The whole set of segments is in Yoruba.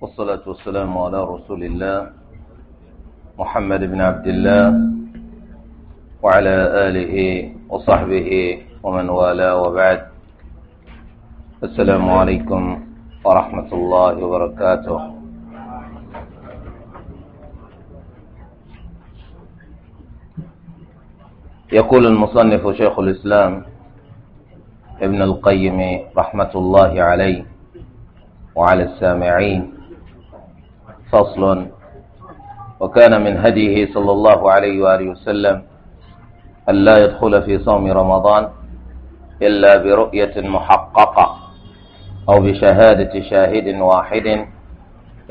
والصلاة والسلام على رسول الله محمد بن عبد الله وعلى آله وصحبه ومن والاه وبعد السلام عليكم ورحمة الله وبركاته يقول المصنف شيخ الإسلام ابن القيم رحمة الله عليه وعلى السامعين فصل وكان من هديه صلى الله عليه وآله وسلم أن لا يدخل في صوم رمضان إلا برؤية محققة أو بشهادة شاهد واحد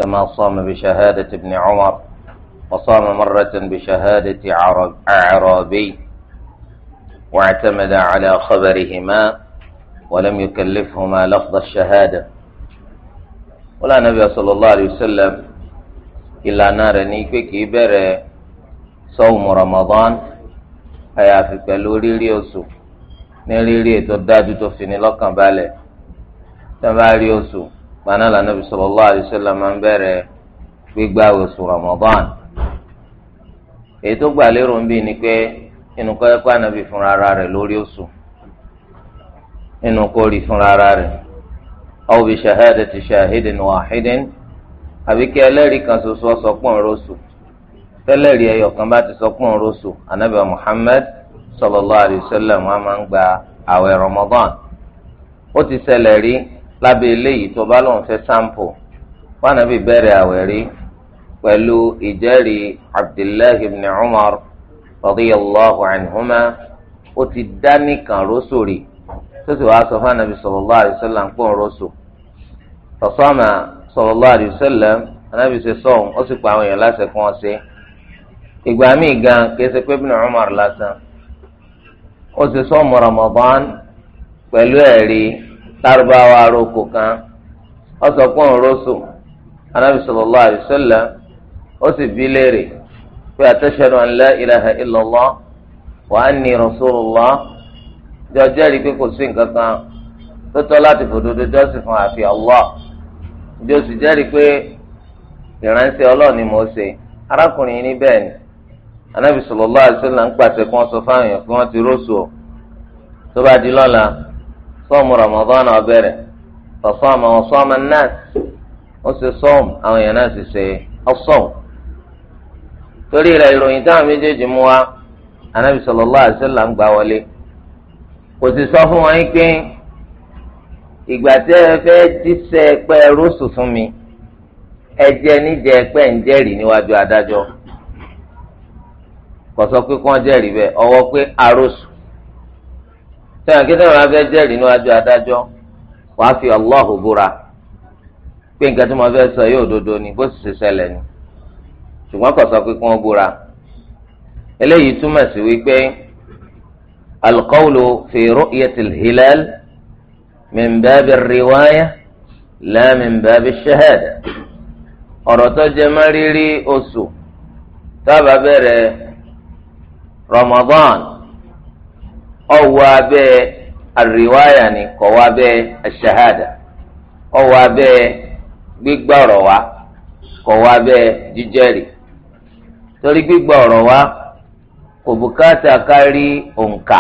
كما صام بشهادة ابن عمر وصام مرة بشهادة أعرابي واعتمد على خبرهما ولم يكلفهما لفظ الشهادة ولا نبي صلى الله عليه وسلم ìlànà rẹ̀ ní pé kì í bẹ̀rẹ̀ sọ́ọ̀mù Ramadan àyàfi pẹ̀lú rírí oṣù ní rírí ètò dájú tó fi ní lọ́kàn balẹ̀ tó bá rí oṣù gbaná lànà bí sallallahu alaihi máa ń bẹ̀rẹ̀ gbígbà oṣù Ramadan èyí tó gbà lérò ń bì ní pé inú kọ́ ànábì fúnra ara rẹ̀ lórí oṣù àbí kí ẹlẹ́rìí kan ṣoṣo sọ pọ̀ ńrọ́sù tẹ́lẹ̀rìí ẹyọ kan bá ti sọ pọ̀ ńrọ́sù anabi Muhammad sallallahu alayhi wa sallam wọn máa ń gba àwẹ̀ Ramadan ó ti ṣẹlẹ̀ rí lábẹ́ eléyìí tó bá lóun fẹ́ sampo wọn àbí bẹ̀rẹ̀ àwẹ̀ rí pẹ̀lú ìjẹ́rìí Abdullahi ibn Umar radiyallahu anhuma ó ti dá nìkan rọ́sù rí tó sì wàá sọ fún anabi sallallahu alayhi pọ̀ ńrọ́sù sallallahu alaihi wasallam anábì ṣe sọ̀hún ó sì pa àwọn èèyàn láṣẹ fún ọ sí. ìgbà míì gan kìí pé Ibn Umar lásán ó ṣe sọ́ọ̀mù Ramadan pẹ̀lú ẹ̀rí lárúbáwá aróko kan ó sọ sallallahu alaihi ǹjẹ́ o sì jẹ́rìí pé ni mo ṣe arákùnrin ní bẹ́ẹ̀ ni anábì sallallahu alaihi wasallam ń pàṣẹ kí wọ́n sọ èèyàn pé wọ́n ti ọ̀ tó bá di lọ́la sọ́ọ̀mù Ramadan náà bẹ̀rẹ̀ fọ̀fọ́ wọn sọ́ọ̀mù náà ó ṣe sọ́ọ̀mù àwọn èèyàn náà sì ṣe ọ̀sọ́ọ̀mù torí rẹ̀ ìròyìn táwọn méjèèjì mú wa anábì sallallahu alaihi wasallam ń gbà wọlé ìgbà tí ẹ fẹ́ jíṣẹ́ pẹ́ rọ́ọ̀sù fún mi ẹ jẹ́ níjẹ́ pẹ́ ń jẹ́rìí níwájú adájọ́ kò sọ pé kó jẹ́rìí bẹ́ẹ̀ ọwọ́ pé arọ́ọ̀sù sẹ́yìn kí sẹ́yìn wọn fẹ́ jẹ́rìí níwájú adájọ́ wàá fi Allahu búra pé nǹkan tí mo fẹ́ sọ yóò dodo ni bó sì ṣe ṣẹlẹ̀ ni ṣùgbọ́n kò sọ pé kó búra eléyìí túmọ̀ sí wípé alqawlu fi ru'yatil hilal. من باب الرواية لا من باب الشهادة ọ̀rọ̀ tó jẹ mọ́ rírí oṣù tábà bẹ̀rẹ̀ Ramadan ọwọ́ abẹ́ àríwáyà ni kọ̀ wa kọ̀ wá abẹ́ jíjẹ́rìí torí gbígbà wa kò bùkátà òǹkà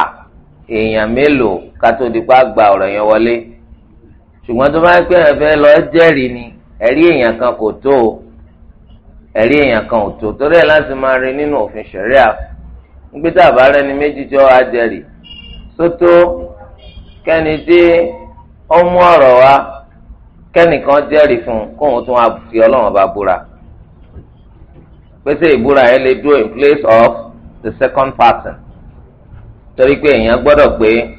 kátó dípá gba ọ̀rọ̀ yẹn wọlé ṣùgbọ́n tó bá ń pè é fẹ́ lọ jẹ́rìí ni ẹ̀rí èèyàn kan kò tó o ẹ̀rí èèyàn kan ò tó torí ẹ̀ láti máa rin nínú òfin ṣẹ̀ríà nígbè tá a bá rẹ́ni méjì jọ ajẹ́rìí sótó kẹ́ni tí ó mú ọ̀rọ̀ wá kẹ́nìkan jẹ́rìí fún un kóun tún fi ọlọ́run bá búra pèsè ìbúra yẹn lè dúró in place of the second person torí pé èèyàn gbọ́dọ̀ pé.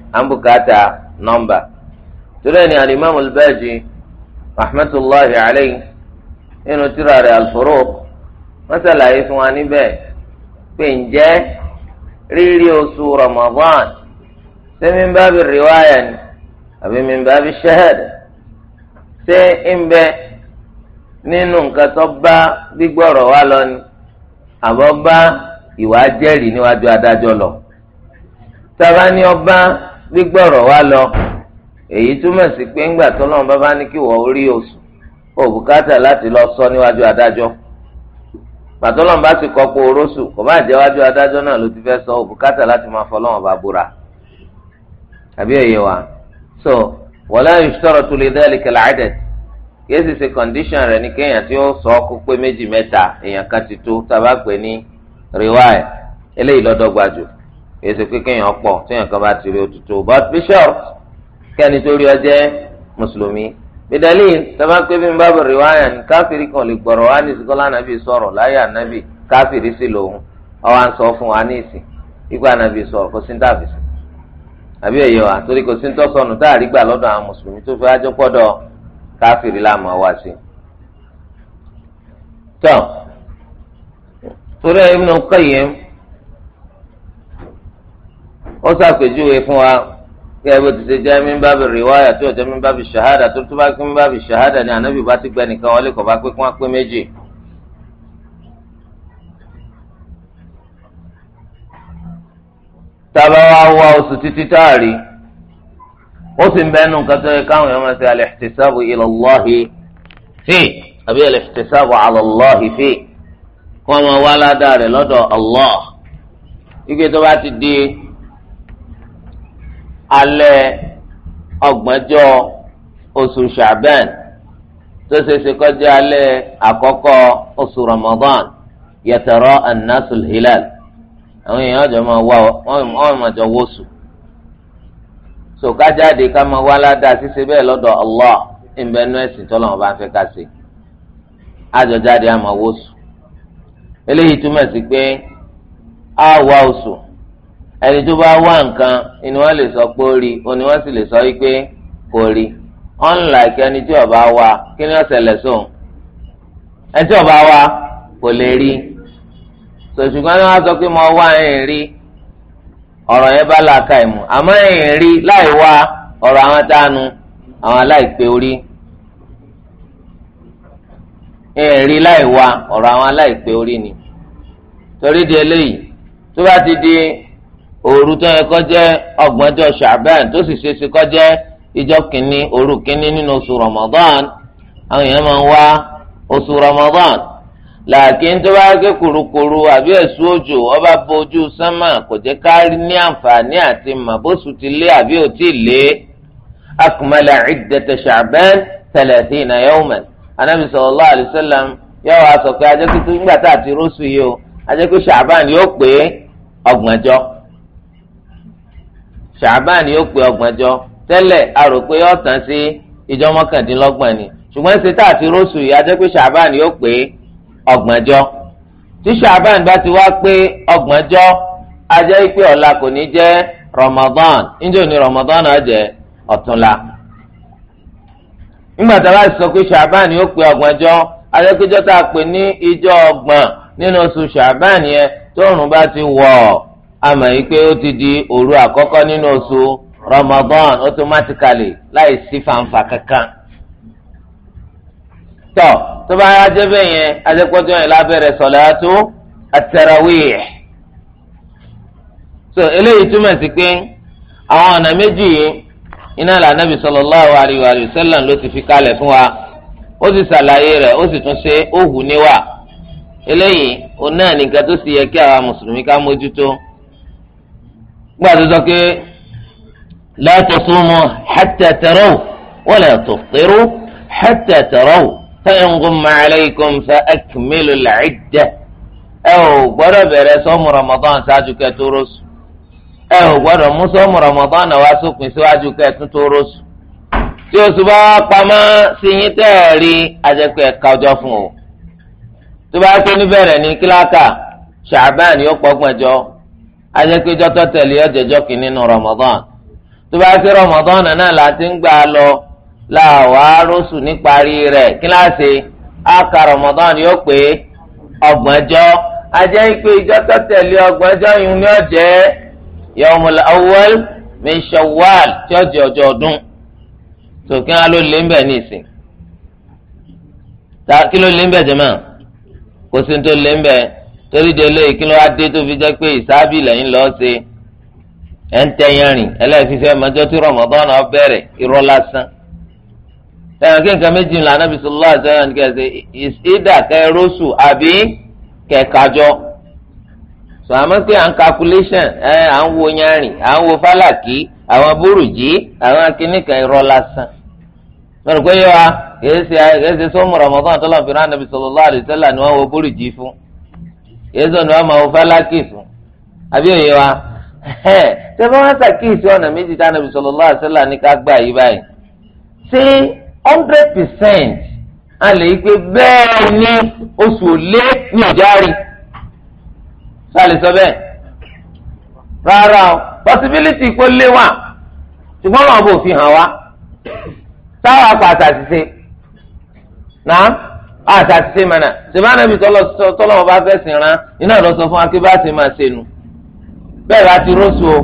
àǹbùkátà nọ́mbà torí ẹni alimami al-Baji rahmatulahi alayhi nínú tírà rẹ̀ al-Furuq wọ́n ṣàlàyé fún wa níbẹ̀ pé ǹjẹ́ rírí oṣù Ramadan ṣé min babi riwaya ni àbí min babi shahada ṣé ń bẹ nínú nǹkan tó bá gbígbọ́rọ̀ wá lọ ni àbọ̀ bá ìwà jẹ́rìí níwájú lọ. sábà ní ọba gbígbọ̀rọ̀ wá lọ èyí túmọ̀ sí pé ńgbà tọ́lọ́run bá bá ní kí wọ́n rí oṣù kò bùkátà láti lọ sọ níwájú adájọ́ gbàtọ́lọ́run bá sì kọ́pọ̀ oróṣù kò bá jẹ́ wájú adájọ́ náà ló ti fẹ́ sọ bùkátà láti máa fọlọ́run bá búra àbí òye wa so wala yushtaratu li dhalika al-adad kìí sì ṣe condition rẹ̀ ní kéèyàn tí ó sọ kó pé méjì mẹ́ta èèyàn kan ti tó tá pè ní rìwáì eléyìí lọ́dọ̀ èsì pé kéèyàn pọ̀ téèyàn kan bá ti rí òtútù but bishop kẹ́ni tó rí ọ jẹ́ mùsùlùmí bidali sábà pé bí n bá bẹ̀rẹ̀ wáyà ní káfíìrì kan lè gbọ̀rọ̀ wá ní ìsìnkọ́lá ànábì sọ̀rọ̀ láyé ànábì káfíìrì sì lòun ọwọ́ à ń sọ fún wa ní ìsìn ikú ànábì sọ̀rọ̀ kó sí ń dàbí sí àbí ẹ̀yẹ wa torí kò sí ń tọ́sọ̀nù tá a rí gbà lọ́dọ̀ àwọn mùsùlùmí tó fi ájọ́ pọ́dọ̀ káfíìrì láàmú wa sí. tọ́ torí Ibn Qayyim ó ṣàpèjúwe fún wa kẹ́ bó ti ṣe jẹ́ mímbàbí rìwáyà tó jẹ́ mímbàbí ṣahádà tó tó bá pé mímbàbí ṣahádà ni ànábì bá ti gbẹ nìkan wọlé kọ̀ bá pé kí wọ́n pé méjì. tába wá wá oṣù títí táàrí ó sì ń bẹnu nǹkan tó yẹ káwọn èèyàn máa ṣe alẹ́xtẹ́sáàbù ilọ̀lọ́hì fi àbí alẹ́xtẹ́sáàbù alọ́lọ́hì fi kí wọ́n máa wá ládàá rẹ̀ lọ́dọ̀ allah ike tó bá ti di. alẹ́ ọgbọ̀njọ́ oṣù sàbẹn tó ṣeéṣe kọjá alẹ́ àkọ́kọ́ oṣù ramadan yẹtẹ̀rọ anasul hilal àwọn èèyàn jọ máa wá wọn máa jọ sòkájáde ká máa wá ládàá ṣíṣe ẹ̀sìn bá ń fẹ́ ká ṣe àjọjáde àmọ́ eléyìí túmọ̀ sí pé a wá oṣù. ẹni tó bá wá nǹkan ni wọ́n lè sọ pé ó rí o ni wọ́n sì lè sọ wípé kò rí unlike ẹni tí ó bá kí ni ó ṣẹlẹ̀ sóun ẹni tí ó bá kò lè rí sòṣùgbọ́n ni wọ́n sọ pé mo wá ẹ̀yìn rí ọ̀rọ̀ yẹn bá làákà ìmù àmọ́ ẹ̀yìn rí láì wá ọ̀rọ̀ àwọn tánu àwọn aláìpé orí ẹ̀yìn rí láì wá ọ̀rọ̀ àwọn aláìpé orí ni torí di eléyìí tó bá ti di òru tó yẹ kó jẹ́ ọgbọ̀njọ́ ṣàbẹ́n tó sì ṣeéṣe kó ìjọ òru nínú oṣù ramadan àwọn èèyàn máa ń ramadan gé kurukuru àbí ẹ̀sùn òjò ọba bojú sánmà kò jẹ́ ká ní àǹfààní àti màbóṣù ti lé àbí ò tí ì lé akmala iddata ṣàbẹ́n thalathina yawman anabi sallallahu alayhi wasallam yóò wá sọ pé tá ṣàbáàn yóò pé ọgbọ̀njọ́ tẹ́lẹ̀ a rò pé yóò tán sí ìjọ mọ́kàndínlọ́gbọ̀n ni ṣùgbọ́n ṣe tá àti róṣù yìí a jẹ́ pé ṣàbáàn yóò pé ọgbọ̀njọ́ tí ṣàbáàn bá ti wá pé ọgbọ̀njọ́ a jẹ́ pé ọ̀la kò ní jẹ́ Ramadan níjọ́ ni Ramadan náà ọ̀túnla nígbà tá a bá sọ pé ṣàbáàn yóò pé ọgbọ̀njọ́ a pé jọ́ta pè ní ìjọ ọgbọ̀n nínú oṣù ṣàbáàn yẹn tóòrùn Ama yìí pé ti di òru àkọ́kọ́ nínú oṣù Ramadan automatically láì sí fanfa kankan ya jebe bá yá jẹ́ bẹ́ẹ̀ yẹn adékọ́jọ́ yẹn lábẹ́rẹ́ sọ̀láàtú àtẹ̀ràwíyẹ̀ so eléyìí túmọ̀ sí pé àwọn ọ̀nà méjì yìí iná là nàbì sallallahu alayhi wa sallam ló ti fi kalẹ̀ fún wa ó sì ṣàlàyé rẹ̀ ó sì tún ṣe ó hù níwà eléyìí òun náà nìkan tó sì yẹ kí àwa mùsùlùmí ká mójútó. gbà tó sọ pé la tasumu hatta taraw wala tuftiru hatta taraw fa in ghumma alaykum fa akmilu al-idda ẹ ò gbọ́dọ̀ bẹ̀rẹ̀ sọ́mu Ramadan ṣáájú kẹ́ tó rọ́ọ̀sù ẹ ò gbọ́dọ̀ mú sọ́mu Ramadan náà wá sópin síwájú kẹ́ tó tó rọ́ọ̀sù tí oṣù bá pamọ́ sí yín tẹ́ ajẹ́pẹ́ ẹ̀ka fún o tó bá tó níbẹ̀rẹ̀ ní kíláàkà ṣàbán yóò pọ́gbọ̀n jọ adékejọ́ tó tẹ̀lé ọjọ́jọ́ kìíní nu Ramadan tó bá ti Ramadan náà la ti ń gbà lọ láwa rọ́ṣù níparí rẹ̀ kíláàsì àkà Ramadan yóò pé ọgbọ̀njọ́ ajẹ́ ìpè ìjọ́ tó tẹ̀lé ọgbọ̀njọ́ yìí ni ó jẹ́ yawmul awwal min Shawwal tí ó jẹ́ ọjọ́ ọdún tòkí á ló lé ń kí ló lé ń kò sí ní tó lé torí de lóye kí ló wá dé tó fi jẹ́ pé ìsáábì lẹ́yìn lọ́ọ́ ṣe ẹ̀ ń tẹ̀yẹ̀rìn ẹlẹ́fífẹ́ mọ́jọ́ tí Ramadan náà bẹ̀rẹ̀ irọ́ lásán. ẹ̀yàn kí nǹkan méjì ńlá anábì àṣẹyàn kẹsẹ̀ kẹrọ́sù àbí kẹkàjọ. sọ àmọ́ pé à ń calculation à ń wo yanrìn à ń wo fálàkì àwọn àwọn akínníkan irọ́ lásán. mẹ́rin pé yéésù ni wọn máa wọ fálákì fún àbí òye wa ṣé bá wọn ṣàkíyèsí ọ̀nà méjì tí Ànábì sallallahu alaihi wasallam ní ká gbà yí báyìí ṣé hundred percent a lè gbé bẹ́ẹ̀ ní oṣù òlé ní ìjárì sálẹ̀ sọ bẹ́ẹ̀ rárá o possibility kó lé wà ṣùgbọ́n wọn bò fi hàn wá táwọn apàtà ti ṣe náà. àti àtìsẹ́ mọ̀nà sèmánà bí tọ́lọ́mọ bá fẹ́ sìn iná lọ sọ fún akébá ṣe máa ṣe nu bẹ́ẹ̀ bá ti rọ́ọ̀sù o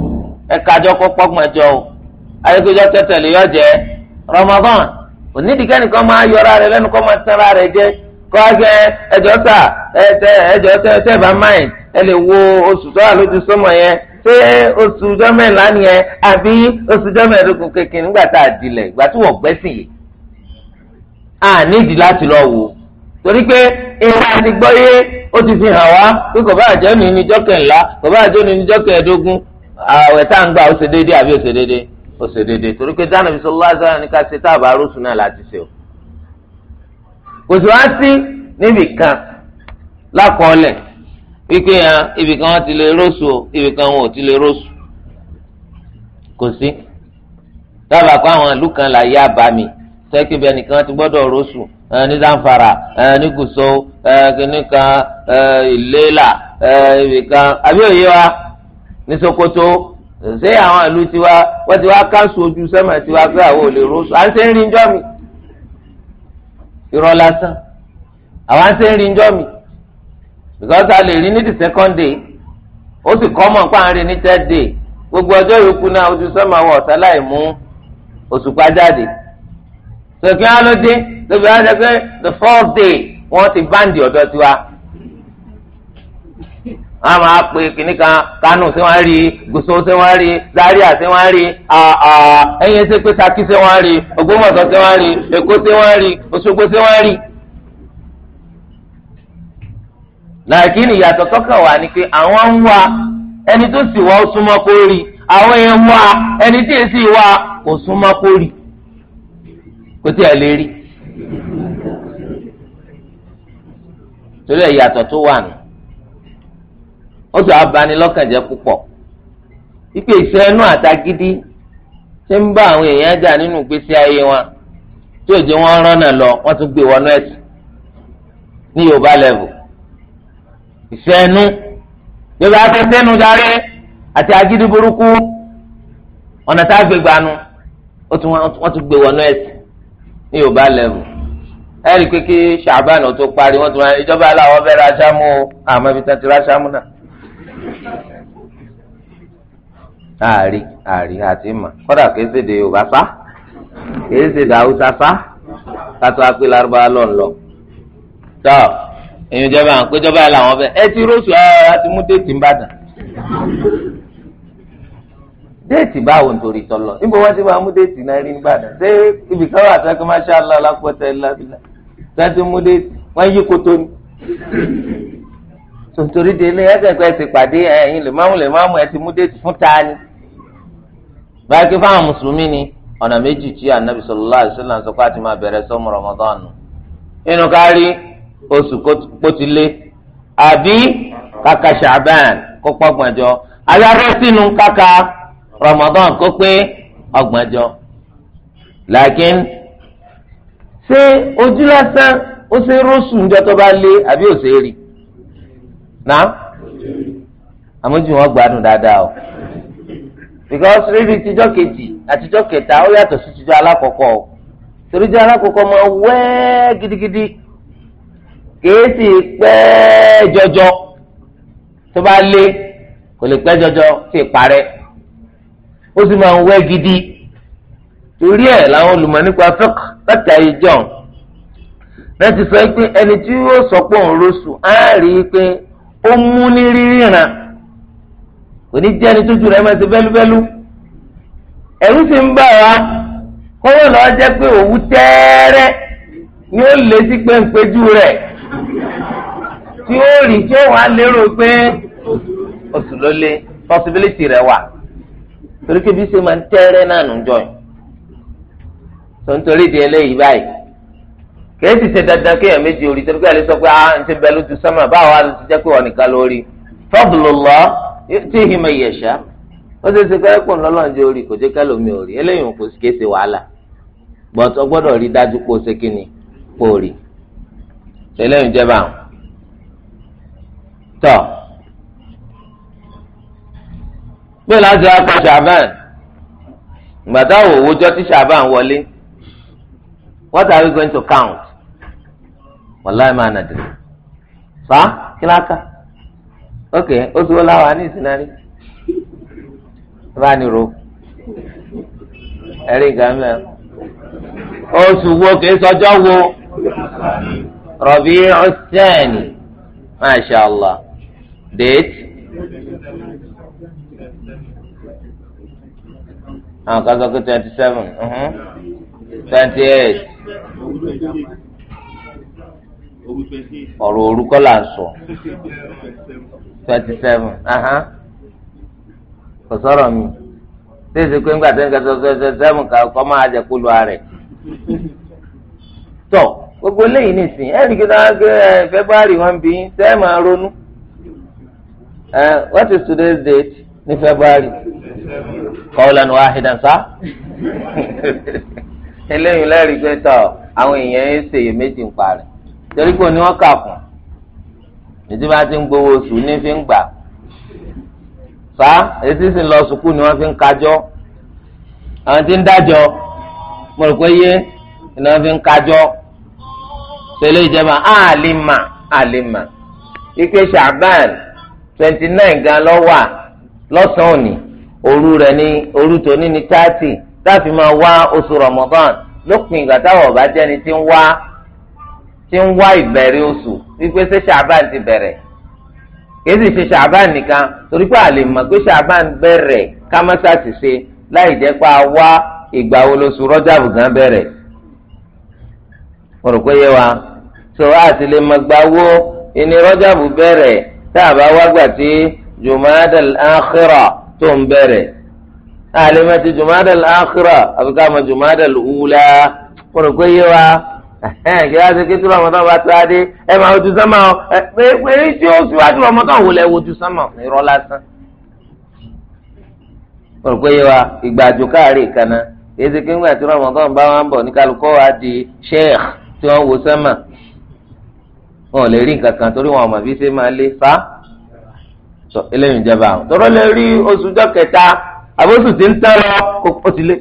ẹ̀ka àjọ kọ́kọ́ o ayégbèjọ tẹ̀tẹ̀lé yọ jẹ́ Ramadan onídìgẹ́ni kan máa yọra rẹ lẹ́nu kọ́ máa tẹ́ra rẹ jẹ́ kọ́ ẹjọ́ tà ẹjọ́ bá ẹ lè wo oṣù tó wà lójú sọmọ yẹn ṣé oṣù àbí oṣù kékeré nígbà tá a dilẹ̀ ìgbà gbẹ́sìn lọ wò torí pé ìwà àti gbọ́yé ó ti fi hàn wá pé kò bá ni ní níjọ́ kẹ̀ńlá kò bá ni ní níjọ́ kẹ̀ẹ́dógún àwẹ̀ tá à ń gbà ó ṣe déédéé àbí ó ṣe déédéé ó ṣe déédéé torí pé dáná fi sọlá sára ní ká ṣe táàbà arósùn náà láti ṣe o. kò sí wá sí níbì kan lákọọ́lẹ̀ wípé hàn ibì kan wọn ti lè rósù o ibì kan wọn ò ti lè rósù kò sí dábàá kó àwọn ìlú kan là yá bá mi sẹ́kì bẹ́ẹ̀ nìkan ti gbọ́dọ̀ rọ́ṣù ní Zamfara ní Gusau nìkan ìlélà ìbìkan àbí òye wa ní Sokoto ṣé àwọn ìlú tiwa wọ́n ti wá káńsù ojú sẹ́mà tiwa pé àwọn ò lè rọ́ṣù à ń ṣe ń mi irọ́ lásán àwọn ń ṣe ń mi because a lè rí ní the second day ó sì kọ́ mọ̀ nípa ní day gbogbo ọjọ́ yòókù náà ojú sẹ́mà wọ̀ ọ̀tá láì mú sọ̀kí wọn ló dé lóbi wọn sọ pé the fourth day wọn ti báńdì ọ̀dọ́ tiwa wọn máa pe kìnnì kan kánò sí wọn rí gòsò sí wọn rí zaria sí wọn rí ẹyin sí pé saki sí wọn rí ògbómọ̀ṣọ́ sí wọn rí èkó sí wọn rí òṣogbo sí wọn rí. ìyàtọ̀ wà pé àwọn ń wá ẹni tó sì wá ó súnmọ́ kó rí àwọn èèyàn wá ẹni tí èsì wá kò súnmọ́ kó rí. kò tí ẹ lè rí torí ẹ yàtọ̀ tó wà nù ó tún abanilọ́kànjẹ́ púpọ̀ ipe ìfẹ́ ẹnu àtagídí ṣe ń bá àwọn èèyàn jà nínú ìgbésí ayé wọn tí òjò wọn rọ́nà lọ wọ́n tún gbé wọnú ẹ̀sìn ní yorùbá level ìfẹ́ ẹnu yorùbá afẹ́fẹ́nu darí àti agídí burúkú ọ̀nà tá a gbé gbanu wọ́n tún gbé wọnú ẹ̀sìn ní yorùbá lẹ́wù ẹ̀rí pé kí ṣàbàn tó parí wọ́n ti wọ́n ìjọba aláwọ̀ fẹ́ ra ṣámú o àmọ́ ibi tán ti ra ṣámú náà. ààrí ààrí àti mà kọ́dà kìí ṣèdè yorùbá sá kìí ṣèdè haúsá sá kátó apé lárúbáwá lọ́nlọ́ tọ́ èyí ìjọba àwọn péjọba làwọn fẹ́ ẹ ti róṣù ẹ láti mú déètì ń déètì báwo nítorí tọlọ níbo wọn ti máa mú déètì náà rí nígbàdàn ṣé ibìkan wà sẹ́kẹ́ máṣá Allah lápọ̀tẹ́ lábílá sẹ́tì mú déètì wọ́n yí koto ni. tòǹtòrí délé ẹ̀sẹ̀kọ́ ẹ̀ ti pàdé ẹyin lè máàmù lè máàmù mú déètì fún ta ni. báyìí fáwọn mùsùlùmí ni ọ̀nà méjì tí anabi sallallahu alaihi wasallam sọ pé àti máa bẹ̀rẹ̀ Ramadan nínú Ramadan kó pé ọgbọ̀njọ́ làákín ṣé ojú lásán ó ṣe rọ́ṣù níjọ́ tó bá lé àbí ò ṣe rí náà àmójú wọn gbádùn dáadáa o because rírí tíjọ́ kejì àtijọ́ kẹta ó yàtọ̀ sí tíjọ́ alákọ̀ọ́kọ́ o alákọ̀ọ́kọ́ máa gidigidi kìí sì pẹ́ jọjọ tó bá lé kò lè pẹ́ jọjọ parẹ́. ó sì máa ń wẹ́ gidi torí ẹ̀ làwọn olùmọ̀ nípa fẹ́k láti ayé john náà sọ pé ẹni tí yóò sọ pé òun rọ́ṣù á rí i pé ó mú ní ríran kò ní jẹ́ ẹni tójú rẹ̀ máa ṣe bẹ́lúbẹ́lú ẹ̀rú sì ń bà wá kọ́wọ́ jẹ́ pé òwú tẹ́ẹ́rẹ́ ni ó lé sí rẹ̀ tí ó rí tí ó lérò possibility rẹ̀ wà. torí kébí ṣe máa ń tẹ́rẹ́ náà nù jọ yìí tó ń torí di eléyìí báyìí kèésì ṣe dandan kéèyàn méjì orí torí pé àlè sọ pé ah ǹṣe bẹ lójú báwo ti jẹ pé wọn nìkan lórí fadlullah yu'tihi man yasha ó ṣe ṣe kẹ́rẹ́ pò ń lọ́lọ́run orí kò eléyìí kò sì wàhálà gbọ́dọ̀ rí dájú pé ó ṣe eléyìí jẹ́ báwọn bẹ́ẹ̀ láti wá pa ṣàbàn gbàtà òwò jọ ṣàbàn wọlé what are we going to count wàláì máa nà dìrì fa kíláàkà ok otu wo láwa ní ìsinari bá a ní ro ẹ̀rí ìgbà mẹ́rin oṣù wo kì í wo Rabi'u Thani masha Allah date. àwọn kan sọ pé twenty seven twenty eight ọ̀rọ̀ orúkọ là ń sọ twenty seven kò sọ̀rọ̀ mi pé nígbà twenty seven kọ́ máa kó lu tọ̀ gbogbo eléyìí nìsín ẹ̀rí ní february kọ́ọ̀lẹ́nu wahidan sá eléyìí lẹ́rìí pé tọ́ àwọn èèyàn ń ṣèyí méjì ń parẹ́ torí pé ni wọ́n kà kún ètí bá ti ń gbowó oṣù ní fi ń gbà sá etí sì ń lọ sùkúù ni wọ́n fi ń kájọ́ àwọn tí ń dájọ́ mo rò pé yé ni wọ́n fi ń kájọ́ tẹ́lẹ̀ ìjẹba àlìmà àlìmà ike shaban twenty nine gan lọ wà lọ́sàn-án òní òru rẹ̀ ni òru tòní ní táàtì táàfin máa wá oṣù Ramadan lópin ìgbà táwọn ọba jẹ́ni tí ń wá tí ń wá ìbẹ̀rẹ̀ oṣù wípé ṣé ṣàbán ti bẹ̀rẹ̀ kìí ṣe ṣàbán nìkan torí pé àlè mọ̀ pé ṣàbán bẹ̀rẹ̀ kámẹ́sà ti ṣe láì jẹ́ pé a wá ìgbà wo lóṣù rọ́jàbù gan bẹ̀rẹ̀ mo rò pé yé wa tó a ti lè mọ̀ gbà wo ìní rọ́jàbù bẹ̀rẹ̀ tá a bá wá gbà tí jùmọ́dà àkírà tó ń bẹ̀rẹ̀ àlèmọ́tì jùmọ́dà àkírà àbíká àmọ́ jùmọ́dà wúlá kúrò pé yé wa kí á ṣe kí tí Ramadan bá tó adé ẹ máa wojú sánmà ọ pé pé tí ó síwájú Ramadan wò lẹ wojú sánmà irọ́ lásán kúrò pé yé wa ìgbà àjò káàárì kaná kí ńgbà tí Ramadan bá wà bọ̀ ní kálukọ́ wa di sheikh tí wọ́n wo sánmà wọn ò lè rí nǹkan kan torí wọn ò mọ̀ bí ṣe máa lé fa sọ eléyìí ìjẹba àwọn tọrọ lè rí oṣù jọ kẹta àbóṣù tí ń tán lọ kó o ti lé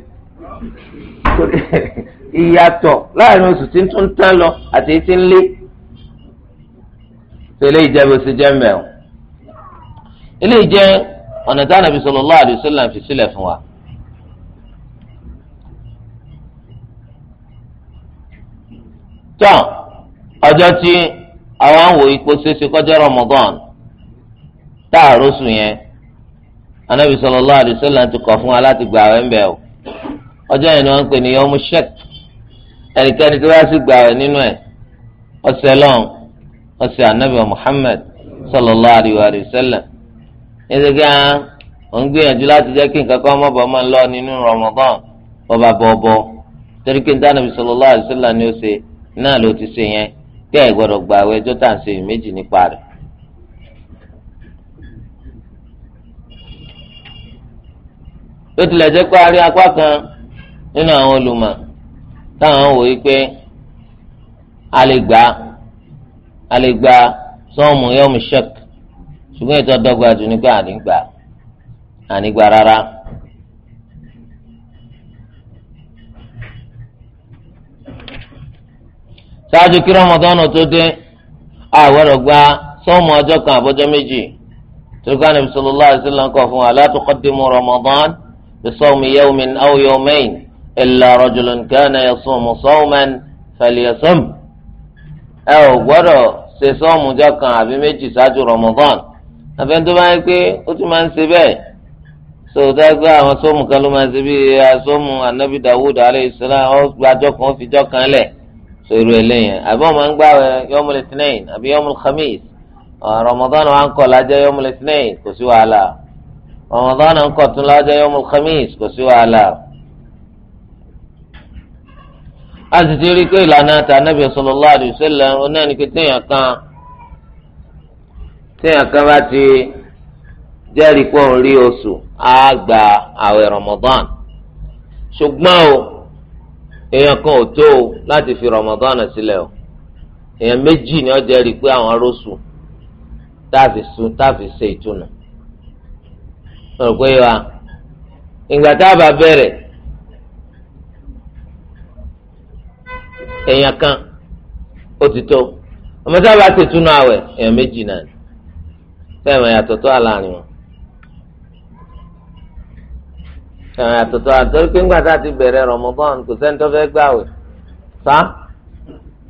ìyàtọ̀ láàrin oṣù tí ń tún tán lọ àti tí ń lé sọ eléyìí jẹ bó ṣe jẹ mẹ́ọ̀ eléyìí jẹ ọ̀nà tí Ànábì sallallahu alaihi wasallam fi sílẹ̀ fún wa. tán ọjọ́ tí àwọn àwòrán ipò ṣeéṣe kọjá Ramadan táàrọ̀ arusu yẹn anabi sallallahu alaihi wasallam ti kọ̀ fún wa láti gbà wẹ̀ ń bẹ̀ o yẹn ni wọ́n ń pè ní yọmú shek ẹnikẹ́ni tó bá sì gbà nínú anabi sallallahu kí ah, ń gbìyànjú láti kí nǹkan kan lọ nínú torí n anabi sallallahu alaihi ni ó ṣe náà ti ṣe yẹn kí gbà méjì nípa ló tilẹ̀ jẹ́ pé a rí apá kan nínú àwọn olùmọ̀ táwọn wòye pé a lè gbà a lè gbà sọ́ọ̀mù yọ̀ọ̀mù ṣẹ́k ṣùgbọ́n ètò ọ̀dọ́gba jù ní pé àní gbà àní gbà rárá. ṣáájú kí rọmọdánù tó dé àwẹ̀rọ̀ gba sọ́ọ̀mù ọjọ́ kan àbọ́jọ́ méjì tó ká ní bisalòlá àti sílẹ̀ ńkọ̀ fún wa la tuqaddimu rọmọdánù. بصوم يوم أو يومين إلا رجل كان يصوم صوما فليصم أو gbọ́dọ̀ ṣe sọ́ọ̀mù ọjọ́ kan àbí méjì ṣáájú Ramadan àfẹn tó bá yẹ pé ó ti máa ń ṣe bẹ́ẹ̀ sọ̀tà gbé àwọn sọ́ọ̀mù kan ló máa ń ṣe bí asọ́ọ̀mù anabi Dawud alayhi salam ó gbàjọ́ kan ó fi jọ́ kan lẹ̀ sọ̀rọ̀ ẹlẹ́yìn àbí wọ́n máa ń gbà yọmúlẹ̀ tìǹẹ̀ àbí yọmúlẹ̀ khamis Ramadan wa ń kọ̀ lájẹ́ yọmúlẹ̀ tìǹẹ̀ kò sí wàhálà. Ramadan ń kọ̀ tún lájọ́ yọmul khamis kò sí wàhálà a sì ti rí i pé ìlànà àtànàbì sallallahu alaihi wasallam onáà ní pé téèyàn kan téèyàn kan bá ti jẹ́rìí pé òun rí oṣù á gba àwẹ̀ Ramadan ṣùgbọ́n o èèyàn kan ò tó o láti fi Ramadan sílẹ̀ o èèyàn méjì ni ó jẹ́rìí pé àwọn arósù tá a fi sun tá a fi ṣe ìtúnu rò wa ìgbà tá a bá bẹ̀rẹ̀ kan ó ti tó ọmọ tá a bá ṣètúnú àwẹ̀ èèyàn méjì náà fẹ́ẹ̀ mọ̀ yàtọ̀ tó àtọ́rí pé ńgbà tá a ti bẹ̀rẹ̀ rọmọbọ́n kò sẹ́ni tó fẹ́ gbàwẹ̀ sá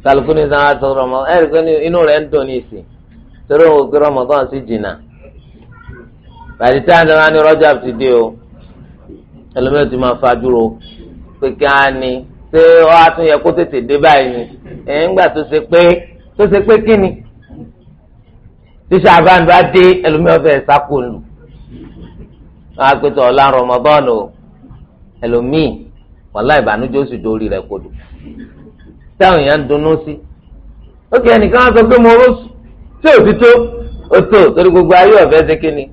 kálukú ní sáà tó rọmọ ẹ̀rí pé inú rẹ̀ ń dùn ní ìsìn torí òun gbé sí jìnnà bàtí tá à ń dáná ní Rajab ti dé o ẹlòmíràn ti máa fa dúró pé kí á ní ṣé ọ á tún yẹ kó tètè dé báyìí ni ẹ̀ ń gbà tó ṣe pé tó ṣe pé kí ni tíṣà àbáǹdó á dé ẹlòmíràn fẹ́ sákòlù wọn á pé tó ọ̀la Ramadan o ẹlòmíì wàhálà ìbànújẹ́ oṣù dórí rẹ̀ kodò táwọn èèyàn ń dunnú sí ó ẹnìkan á sọ pé mo rọ́ọ̀sù tí ò ti torí gbogbo ayé ọ̀fẹ́ ṣe kí ni.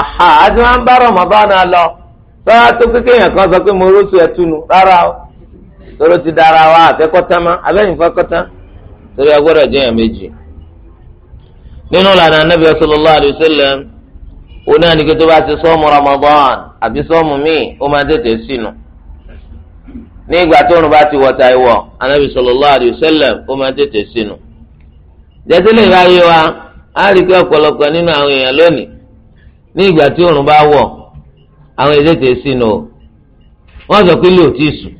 Aha àti wọn bá Ramadan náà lọ lọ́wọ́ tó kékeré yẹn kan sọ pé mo rótù ẹ̀túnu rárá o ti dára wa àfẹ́kọ́tá má abẹ́yìn fẹ́kọ́tá torí agbọ́dọ̀ jẹ́ yẹn méjì. nínú lànà anábì sallallahu alayhi wa bá ti sọ́ọ̀mù Ramadan àbí sọ́ọ̀mù míì ó máa tètè sínú ní ìgbà tó ń bá ti ó máa tètè sínú. jẹ́sílẹ̀ ìbáyé wa rí i pé ọ̀pọ̀lọpọ̀ nínú àwọn ní ìgbà tí òòrùn bá wọ̀ àwọn èdè tè sínú o wọ́n sọ pé ilé ò tí ì sùn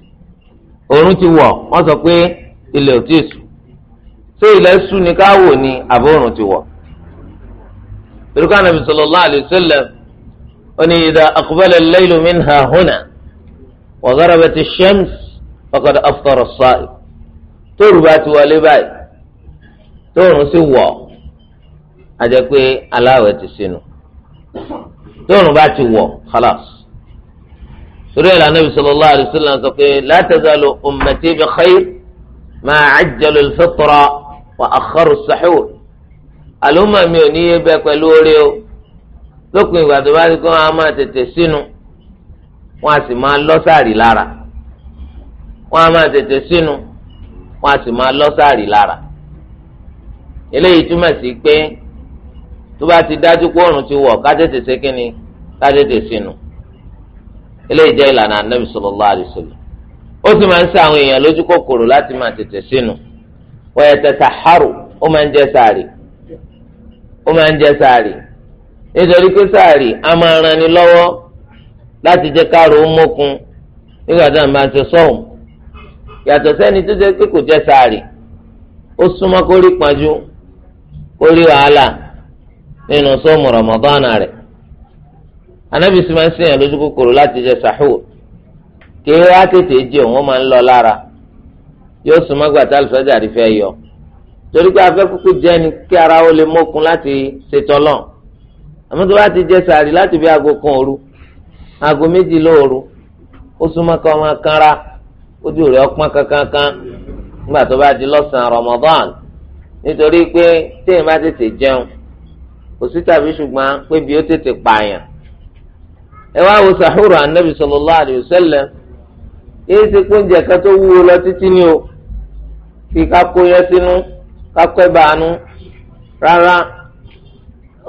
òòrùn ti wọ̀ wọ́n sọ pé ilé ò tí ì sùn ṣé ilẹ̀ sùn ni ká wò ni àbí òòrùn ti wọ̀. Bíríkà Nàbì sallallahu alayhi wasallam ó ní idha aqbala al-laylu minha huna wa gharabat ash-shams faqad aftara as tóòrù bá ti wọlé báyìí tóòrùn sì wọ̀ àjẹpé aláwẹ̀ ti sínú tóorùn bá ti wọ̀ khalas sori ala nabi sallallahu alayhi wa sallam sọ pé la tazalu ummati bi khayr ma ajjalu al-fitra wa akharu as-sahur àlùmọ̀ mi ò níye bẹ́ẹ̀ pẹ̀lú oore o lókun ìgbà tó bá ti kọ́ àwọn máa tètè sínú wọ́n á sì máa lọ́ sáàrì lára wọ́n á máa tètè sínú wọ́n á sì máa lọ́ sáàrì lára eléyìí túmọ̀ sí pé. tó bá ti dájú pé ti wọ̀ kájẹ́tẹ̀ ṣe kí ni kájẹ́tẹ̀ sínú eléyìí jẹ́ ìlànà anabi sallallahu alaihi wasallam ó sì máa ń ṣe àwọn èèyàn lójú kòkòrò láti máa tètè sínú wa yatasaharu ó máa ń jẹ sààrì ó máa ń jẹ sààrì nítorí pé sààrì á máa ran ni lọ́wọ́ láti jẹ́ káàrò ó mókun nígbà tí máa ṣe nínú sọ́ọ̀mù rọ̀mọ́bánà rẹ̀ anábì sì máa ń sèyàn lójú kòkòrò láti jẹ sàhùr kéré á jẹ òun máa ń lọ lára yóò sùn mọ́gbà tá àlùfáàjà fẹ́ yọ torí pé afẹ́ jẹ́ ni kí ara ó lè mókun láti ṣètọ́lọ̀ àmọ́ bá ti jẹ sàárì láti bí aago kan òru aago méjì ó kanra ojú rẹ̀ ọpọ́n kankankan di lọ́sàn-án nítorí pé téèyàn bá tètè kò sí tàbí ṣùgbọ́n pé bí ó tètè pààyàn ẹ wá wo sàhúrù ànábì sallallahu alaihi wasallam èyí pé oúnjẹ kan tó wúwo lọ títí ni o kí ká kó yẹn sínú ká kọ́ ẹ bàánú rárá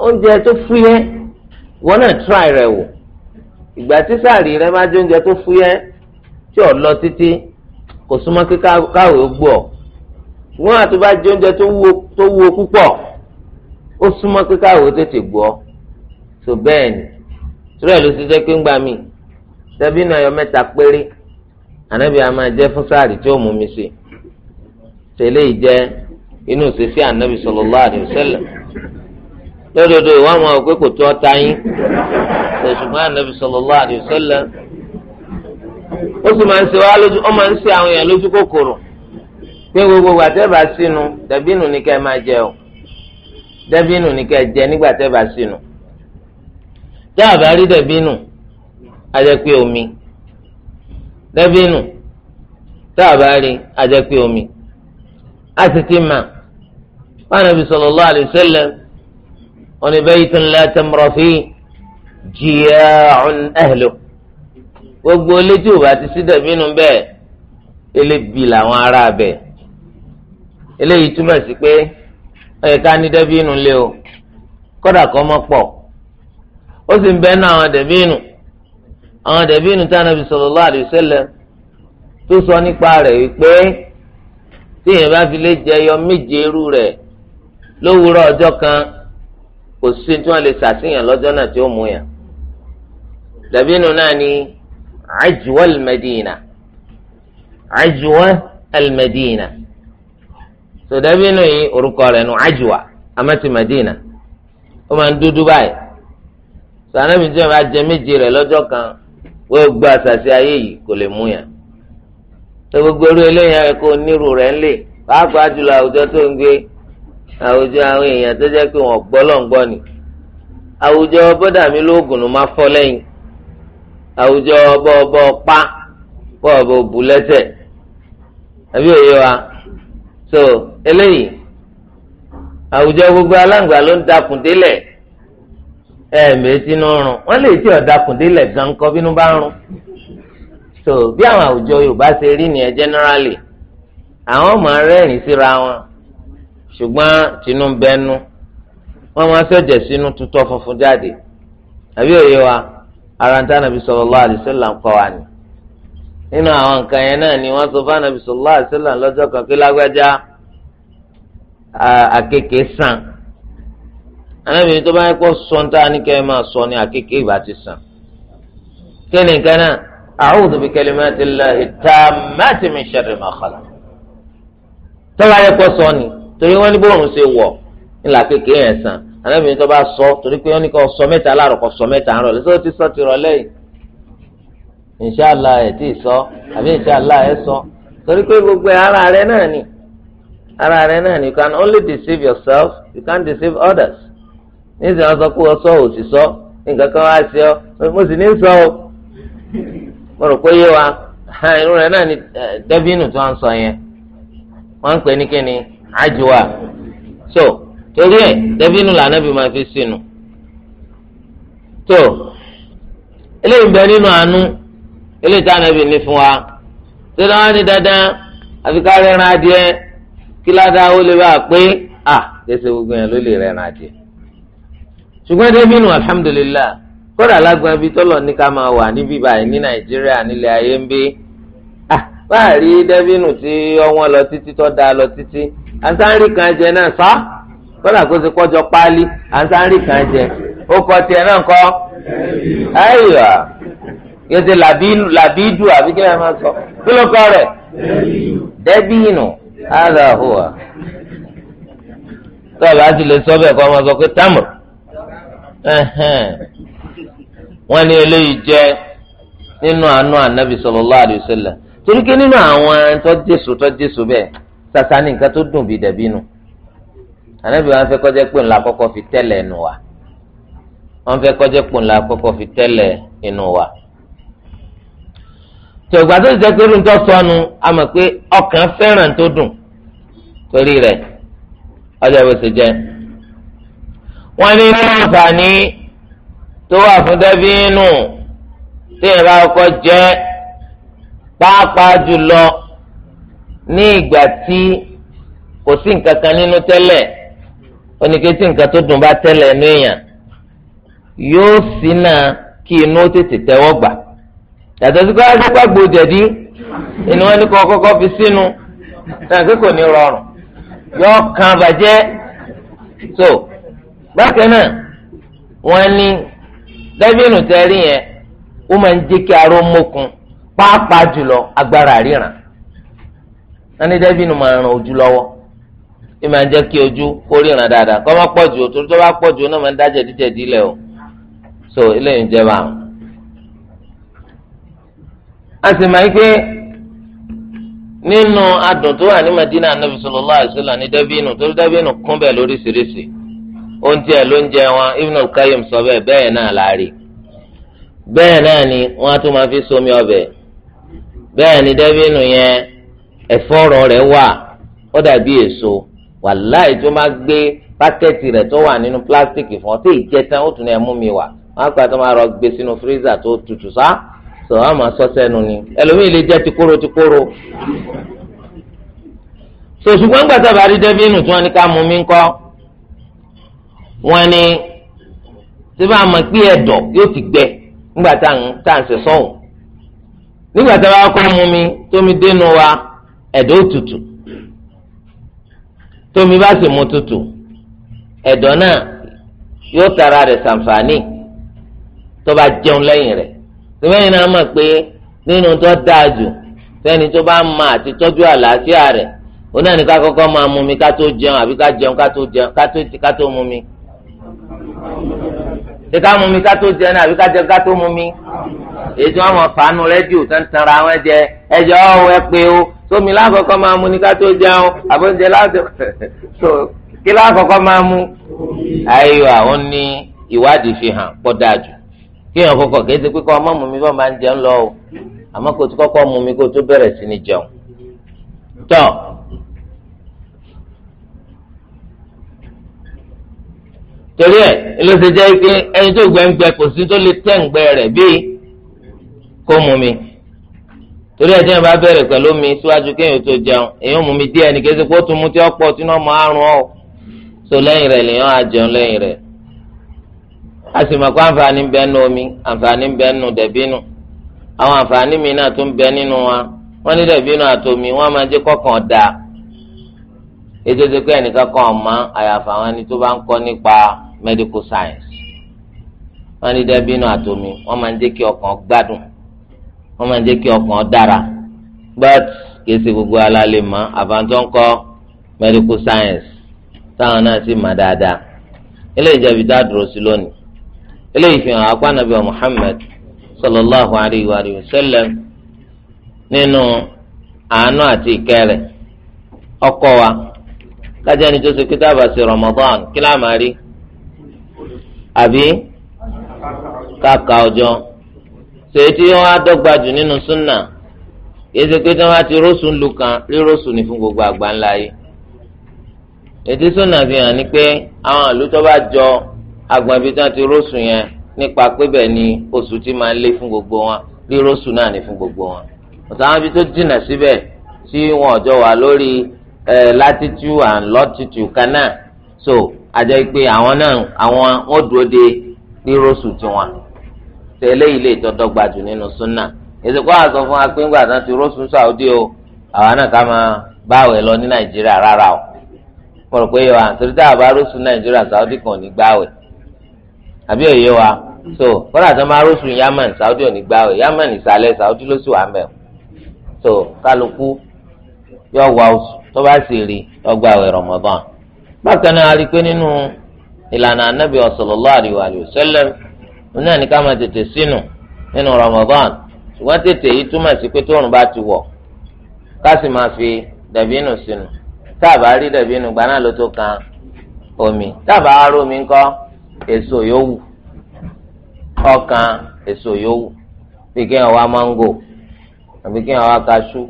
oúnjẹ tó wọn náà tíráì rẹ̀ wò ìgbà tí sáàrì rẹ̀ máa jẹ oúnjẹ tó fúyẹ́ tí ò lọ títí kò súnmọ́ kí káwé ó gbọ́ wọn àti bá jẹ oúnjẹ tó wúwo púpọ̀ ó súnmọ́ pé káwọ́ tètè gbọ́ tó bẹ́ẹ̀ ni ló ti jẹ́ pé ń gbà mí mẹ́ta péré ànábì a jẹ́ fún sáàrì mi inú ànábì lódodo àwọn kò tó ọta yín ànábì ó sì máa ń ṣe wá lójú ó máa ń ṣe àwọn èèyàn lójú kòkòrò pé gbogbo o. dẹ́bínù ní kẹ́ jẹ nígbà tẹ́ bá sínú tá a bá rí dẹ́bínù a jẹ́ pé omi dẹ́bínù tá a bá rí a jẹ́ pé omi a sì ti mà wọn Ànábì sallallahu alayhi wa sallam oní baytun la tamra fihi jiya'un ahluhu gbogbo eléjì ò bá ti sí dẹ̀bínú bẹ́ẹ̀ elébi làwọn ará bẹ̀ eléyìí túmọ̀ sí pé. ẹ̀yẹ ká ní dẹ́bínú lé o kódà kọ́ mọ́ pọ̀ ó sì ń náà àwọn dẹ́bínú àwọn dẹ́bínú tí Ànábì sallallahu alaihi wasallam tó sọ nípa rẹ wípé tí èèyàn bá fi lè jẹyọ méje irú rẹ̀ lówùúrọ̀ ọjọ kan kò sí tí lè náà tí ó mú ni so dàbínù yìí orúkọ rẹ̀ nù àjùwà amẹ́tì Madina ó máa ń dúdú báyìí so anábì tí wọn bá jẹ méje rẹ̀ lọ́jọ́ kan gba àṣàṣe ayé yìí kò lè mú yàn so gbogbo orí eléyàn ẹ̀kọ́ onírú rẹ̀ ń lè pàápàá jùlọ àwùjọ tó ń gbé àwùjọ àwọn èèyàn tó jẹ́ pé wọ́n gbọ́ lọ́ngbọ́ ni àwùjọ bọ́dà mi lóògùn ló máa fọ́ lẹ́yìn àwùjọ bọ́ọ̀bọ́ pa bọ́ọ̀bọ́ bù lẹ́sẹ̀ àbí òye wa so. eléyìí àwùjọ gbogbo aláǹgbá ló ń dakùn délẹ̀ ẹ̀ẹ̀mẹ́tì tinu rún wọ́n lè tí ọ̀dakùn délẹ̀ gan kọ́ bínú bá rún so bí àwọn àwùjọ Yorùbá ṣe rí nìyẹn generally àwọn máa rẹ́rìn síra wọn ṣùgbọ́n tinú bẹ́nu wọ́n máa ṣẹ̀jẹ̀ sínú tutọ́ funfun jáde àbí òye wa ara ń tánàbí sallallahu alaihi wasallam ń kọ́ wa ni nínú àwọn nǹkan yẹn ni wọ́n sọ fún lọ́jọ́ àkekèé sàn anábìyẹn tó bá yẹ kó sọ ń tá ní kẹ́ ẹ máa sọ ní àkekèé ìbá ti sàn kí ni nǹkan náà a'udhu bi kalimatillahi tammati min sharri ma khalaq tó bá yẹ kó sọ ni torí wọ́n ní bóun ṣe wọ̀ ńlá àkekèé yẹn sàn anábìyẹn tó bá sọ torí pé wọ́n ní kó sọ mẹ́ta láàrọ̀ kó sọ mẹ́ta àárọ̀ lẹ́sọ̀ ti sọ ti rọ̀ lẹ́yìn inshallah ẹ̀ tí sọ àbí inshallah ẹ̀ sọ torí pé gbogbo ara rẹ náà ni ara rẹ náà you can only deceive yourself you can't deceive others wọn sọ pé sọ nǹkan kan wá sí ọ mo sì ní sọ o mo rò pé yé wa irú rẹ náà ni dẹ́bínù tí wọ́n sọ yẹn wọ́n ń pè ní kíni so torí dẹ́bínù bí máa fi sínú so eléyìí bẹ nínú àánú eléyìí tí ní fún wa tí wọ́n á ní dandan kíládá ó lè bá a pé à kése gbogbo yẹn ló lè rẹ̀ ràn jẹ. ṣùgbọ́n débìnú alhamdulilayi kódà lágbọn ibi tọ́lọ̀ ní ká máa wà níbí báyìí ní nàìjíríà nílẹ̀ ayé ń bí. báàrí débìnú tí ọwọ́n lọ títí tó dáa lọ títí àǹtáǹrì kan jẹ náà sá kódà kó ti kọjọ páálí àǹtáǹrì kan jẹ ó kọ tiẹ̀ náà kọ́ ayọ̀ yẹtẹ làbídù àbí kí lè máa sọ kí ló kọ rẹ̀ débìnú. hàdà hùwà tọ́ọ̀bù àti lè sọ́bẹ̀ kọ́ sọ pé wọ́n ní eléyìí jẹ́ nínú àánú ànábì torí nínú àwọn bẹ́ẹ̀ ní nǹkan tó dùn bí dẹ̀bí ànábì wọn fẹ́ pé ńlá fi tẹ́lẹ̀ wa fẹ́ pé fi tẹ́lẹ̀ wa. tó ìgbà tó jẹ́ pé lóńtọ́ sọnù a mọ̀ pé ọkàn fẹ́ràn tó dùn torí rẹ̀ ọjọ́ ìwé ṣe jẹ́. wọ́n ní inú àǹfààní tó wà fún dẹ́bínú tí ọkọ jẹ́ pàápàá jùlọ ní ìgbà tí kò sí nǹkan kan nínú tẹ́lẹ̀ oníkẹ́tì nǹkan tó dùn bá tẹ́lẹ̀ nú èèyàn yóò ṣínà kí inú tètè yàtọ̀ sí pé adúgbò gbòdẹ̀dí ni wọ́n fi sínú na kò ní rọrùn yọ kan bàjẹ́ so bákan náà wọ́n ní dẹ́bìnù tẹ́rí yẹn ó máa ń jẹ́ kí aró pàápàá jùlọ agbára ríran ní máa ràn ojú so eléyìí ń a sì máa ń pé nínú adùn tó wà ní Madina anabi sallallahu alaihi wasallam ní dàbínù tó dàbínù kún bẹ́ẹ̀ lóríṣiríṣi oúnjẹ lóúnjẹ wọn Ibn al-Qayyim sọ bẹ́ẹ̀ bẹ́ẹ̀ náà láàrin bẹ́ẹ̀ náà ni wọ́n á tún máa fi somi ọbẹ̀ bẹ́ẹ̀ ni dàbínù yẹn ẹ̀fọ́rọ̀ rẹ̀ wà ó dàbí èso wàláì tó máa gbé pákẹ́ẹ̀tì rẹ̀ tó wà nínú pílásítìkì fún ọ tí ì jẹ tán ó tún ẹ̀ mú mi wà wọ́n á pàtó máa rọ gbé sínú fírísà tó tutù sáà sọ á máa sọ sẹ́nu ni ẹlòmíì lè jẹ́ tikóró tikóró so ṣùgbọ́n gbàtà bá rí dẹ́bínù tí wọ́n ní ká mú mi kọ́ wọ́n ní tí bá mọ̀ pé ẹ̀dọ̀ yóò ti gbẹ nígbà tá à ń ṣe sọ́hùn nígbà tá a bá kọ́ mú mi tómi dénú wa ẹ̀dọ̀ òtútù tómi bá sì mú tutù ẹ̀dọ̀ náà yóò tara rẹ̀ ṣàǹfààní tó bá jẹun lẹ́yìn rẹ̀ sẹ́fẹ̀yìn náà mọ̀ pé nínú tó dáa jù fẹ́ni tó bá mọ àti tọ́jú àlàáfíà rẹ̀ ó náà ní ká kọ́kọ́ máa mú mi ká tó jẹun àbí ká jẹun ká tó jẹun ká tó ká tó mú mi. ṣé ká mú mi ká tó jẹun àbí ká jẹun ká tó mú mi. èyí tí wọ́n mọ̀ fàánù rẹ́díò tó ń tanra àwọn ẹ̀jẹ̀ ẹ̀jẹ̀ ọ̀hún ẹ pé o sómi lákọ̀ọ́kọ́ máa mú ni ká tó jẹun àbójẹ láti kí lákọ̀ọ́kọ́ máa mú. ayọ̀ àwọn ní ìwádìí fi kí èèyàn kọ́kọ́ kì í ṣe pé kọ́ ọmọ mú mi bá máa ń jẹun lọ o àmọ́ kò tó kọ́kọ́ mú mi kó tó bẹ̀rẹ̀ sí ni jẹun. tọ́ torí ẹ̀ ló ṣe jẹ́ pé ẹni tó gbẹ ń gbẹ kò sí tó lè tẹ̀ ń gbẹ rẹ̀ bíi kó mú mi torí ẹ̀ tí wọ́n bẹ̀rẹ̀ pẹ̀lú mi síwájú kéèyàn tó jẹun èèyàn mú mi díẹ̀ ní kí ẹ ṣe pé tí ó pọ̀ tí wọ́n mọ àrùn ọ̀ so lẹ́yìn rẹ̀ lèèyàn á jẹun lẹ́yìn rẹ̀ a sì mọ̀ pé àǹfààní ń bẹ nínú omi àǹfààní ń bẹ nínú dẹ̀bínú àwọn àǹfààní mi náà tún bẹ nínú wa wọ́n ní dẹ̀bínú àtomi wọ́n máa jẹ́ kọ́kàn dà ètò ìsìnkú kan mọ́ àyàfà àwọn ẹni tó bá ń kọ́ nípa medical science wọ́n ní dẹ̀bínú àtomi wọ́n máa jẹ́ kí ọkàn gbádùn wọ́n máa jẹ́ kí ọkàn dára but kìí ṣe gbogbo alálẹ̀ mọ́ àbáńtọ́ ń medical science táwọn náà sì mọ̀ dáadáa ilé ìjẹ́bi dá dúró sí lónìí eléyìí fi hàn akpa nabi muhammed sallallahu alayhi wa sallam nínú àánú àti ìkẹrẹ ọkọ wa kájà ni tó ṣe kí tábà sí ramadan kí láà máa rí àbí kàkà ọjọ́ ṣèyí tí wọn á dọ́gba jù nínú súnà yìí ṣe pé tí wọn á ti rósù ń lu kan rírọsù ní fún gbogbo àgbáńlá yìí ètí súnà fi hàn ni pé àwọn ìlú bá jọ agbọ̀nbi tí wọ́n ti rósù yẹn nípa pé bẹ́ẹ̀ ni oṣù tí máa ń lé fún gbogbo wọn bí rósù náà ní fún gbogbo wọn. ọ̀sán àwọn tó jìnnà síbẹ̀ tí wọn ò wà lórí latitude and longitude kan so àjẹ́ pé àwọn náà àwọn wọn dúró de bí rósù tiwọn. tẹ́lẹ̀ ilé ìtọ́dọ́ gbajù nínú súnà ìsìnkú àwọn sọ fún wa pé ńgbà náà ti rósù Saudi o àwa náà ká máa báwẹ̀ lọ ní Nàìjíríà rárá o mo rò pé yọ àǹtírí tá a bá rósù Nàìjíríà Saudi kan ò ní gbáwẹ̀ àbí òye wa so kọ́lá tó máa rọ́ọ̀sù Yaman Saudi ò ní isale o Yaman ìsàlẹ̀ Saudi ló sì so kálukú yóò wá oṣù tó bá sì rí ọgbà àwẹ̀ Ramadan bákan náà a rí i pé nínú ìlànà anábì sallallahu alaihi wa sallam náà ní máa tètè sínú nínú ṣùgbọ́n tètè ti wọ̀ ká sì máa fi dàbínù sínú tá a bá rí gbaná ló èso yòówù ọkàn èso yòówù bí kéèyàn wá máńgò àbí kéèyàn wá kaṣú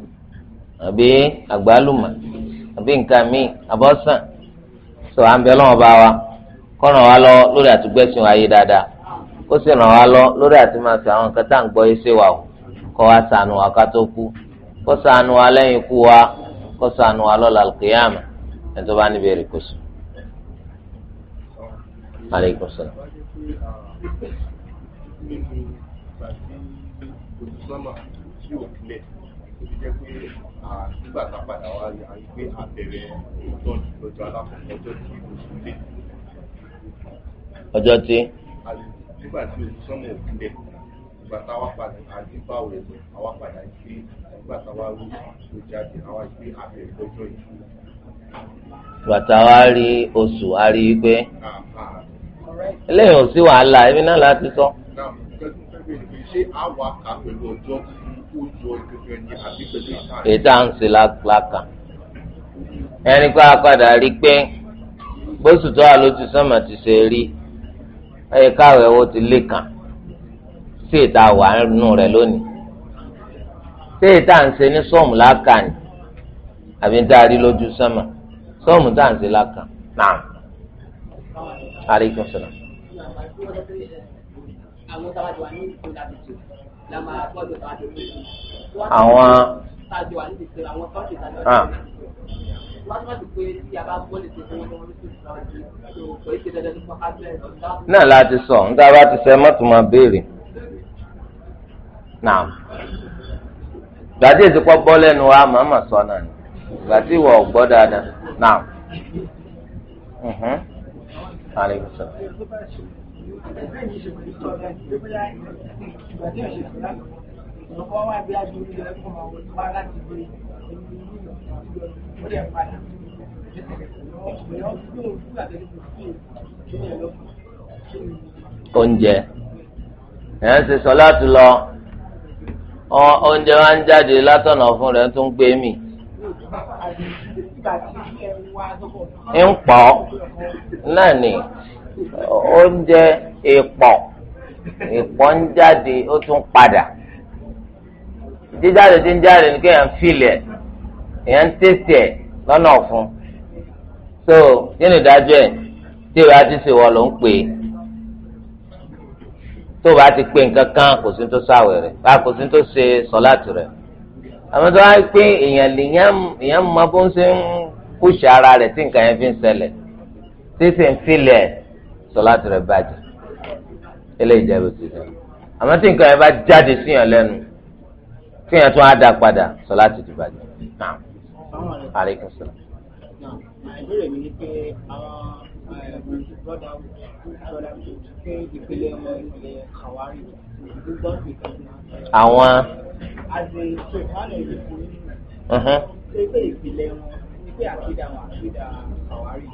àbí àgbálùmọ̀ àbí nǹkan míì abọ́sàn sọ à ń wa kọrọ ràn wá lọ lórí àtúgbẹ́sìn ayé dáadáa kó sì ràn wá lọ lórí àti máa àwọn nǹkan tá o kó wá wa ká tó kú kó wa lẹ́yìn ikú wa kó wa ẹ̀ tó aleykum salaam. nígbà tá a padà wá yà á gbé abẹ̀rẹ̀ ọjọ́ lọ́jọ́ tí oṣù wá rí oṣù a rí i pé eléyìí ò sí wàhálà ẹbí náà láti sọ. ètò à ń ṣe lákàkà ẹni pé apàdà rí pé gbósù tó wà lójú sọ́mà ti ṣe rí ẹ̀yẹ káwé wo ti lé kàn sí ètò àwà nù rẹ̀ lónìí sí ètò à ń ṣe ní sọ́ọ̀mù lákàní àbí ń tá a rí lójú sọ́mà sọ́ọ̀mù tá à ń ṣe lákàn náà. aleykum salaam. àwọn. Ah náà láti sọ nǹkan bá ti sẹ mọ́tò máa béèrè náà gbàtí ìsìnkọ́ bọ́ lẹ́nu wa màmá sọ náà ni gbàtí ìwọ ọ̀gbọ́ dáadáa náà. Aleykum salaam. oúnjẹ ẹ̀ ń ṣe sọ láti lọ oúnjẹ máa ń jáde látọ̀nà fún rẹ̀ tó ń gbé mì ń pọ̀ náà ni oúnjẹ èèpọ̀ èèpọ̀ ń jáde ó tún padà jíjáde tí ń jáde ni kéèyàn fìlẹ̀ èèyàn ń tẹ̀sẹ̀ lọ́nà ọ̀fun so nínú ìdájọ́ ẹ̀ tí ìwé àti ìṣèwọ ló ń pè é tó o bá ti pè nǹkan kò sí tó sáwẹ̀ rẹ̀ kò sí tó ṣe sọ́láàtì rẹ̀ àmọ́ tó wá pé èèyàn lè èèyàn mọ bó ń ṣe ń kúṣe ara rẹ̀ tí nǹkan yẹn fi ń ṣẹlẹ̀ títí ń filẹ̀ sọláàtì rẹ̀ bàjẹ́ eléyìí jẹ́ bẹ́ẹ̀ sísè àmọ́ tí nǹkan yẹn bá jáde síyàn lẹ́nu síyàn tún á dá padà sọláàtì ti bàjẹ́ náà àríkùsọ̀rọ̀ brother brother ṣe ìpele ọmọ ìpele kàwárì gbogbo ọ̀sẹ̀ kan. àwọn. àti ṣe ìpàdé ìlú uh-huh. ṣe pé ìpele wọn ṣe pé àkídà wọn àkídà kàwárì.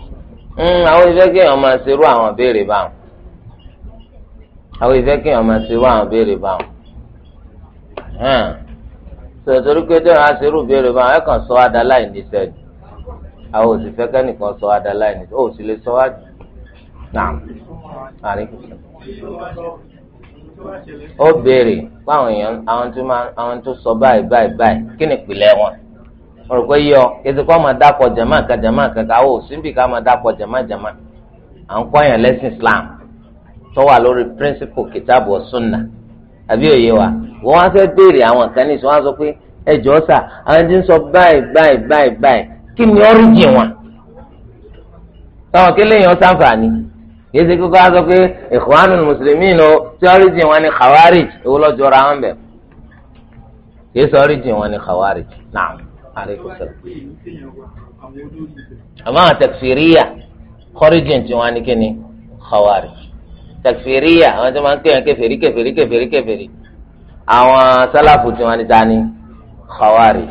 Hmm, àwọn ìfẹ́ kéèyàn máa ṣerú àwọn béèrè báwọn àwọn ìfẹ́ kéèyàn máa ṣerú àwọn béèrè báwọn hmm. sọ̀tọ́rí pé dẹ́rẹ́ aṣerú béèrè ẹ̀ kàn sọ adá láì ní sẹ́ẹ̀dì. àwọn òsì fẹ́ kẹ́nìkan sọ adala ẹni ó sì lè sọ wájú náà àríkùsọ. ó béèrè fáwọn èèyàn àwọn tó sọ báyìí báyìí báyìí kí ni ìpìlẹ̀ wọn mo rò pé yíyọ ètò kó máa dápọ̀ jàmá kan jàmá kan ká ó síbi ká máa dápọ̀ jàmá jàmá à ń kọ́yàn lẹ́sìn Islam tó wà lórí píríncípù kìtàbù ọ̀sùnà àbí òye wa wọ́n wá fẹ́ béèrè àwọn kan ní ìsọ kí ni ọ́ríjì wọn táwọn kí lèèyàn sáǹfààní yìí ṣe kókó aṣọ pé Ikhwanul Muslimin ní tí ọ́ríjì wọn ni Khawarij owó lọ́jọ́ ra wọn bẹ̀ yìí ṣe ọ́ríjì wọn ni Khawarij naam aleykum salaam. àmọ́ àwọn takfiriya kọ́ríjì tí wọ́n á ní kí ni Khawarij takfiriya àwọn tí wọ́n máa ń pè yàn kèfèrí àwọn sálàfù tí wọ́n á ní dání Khawarij.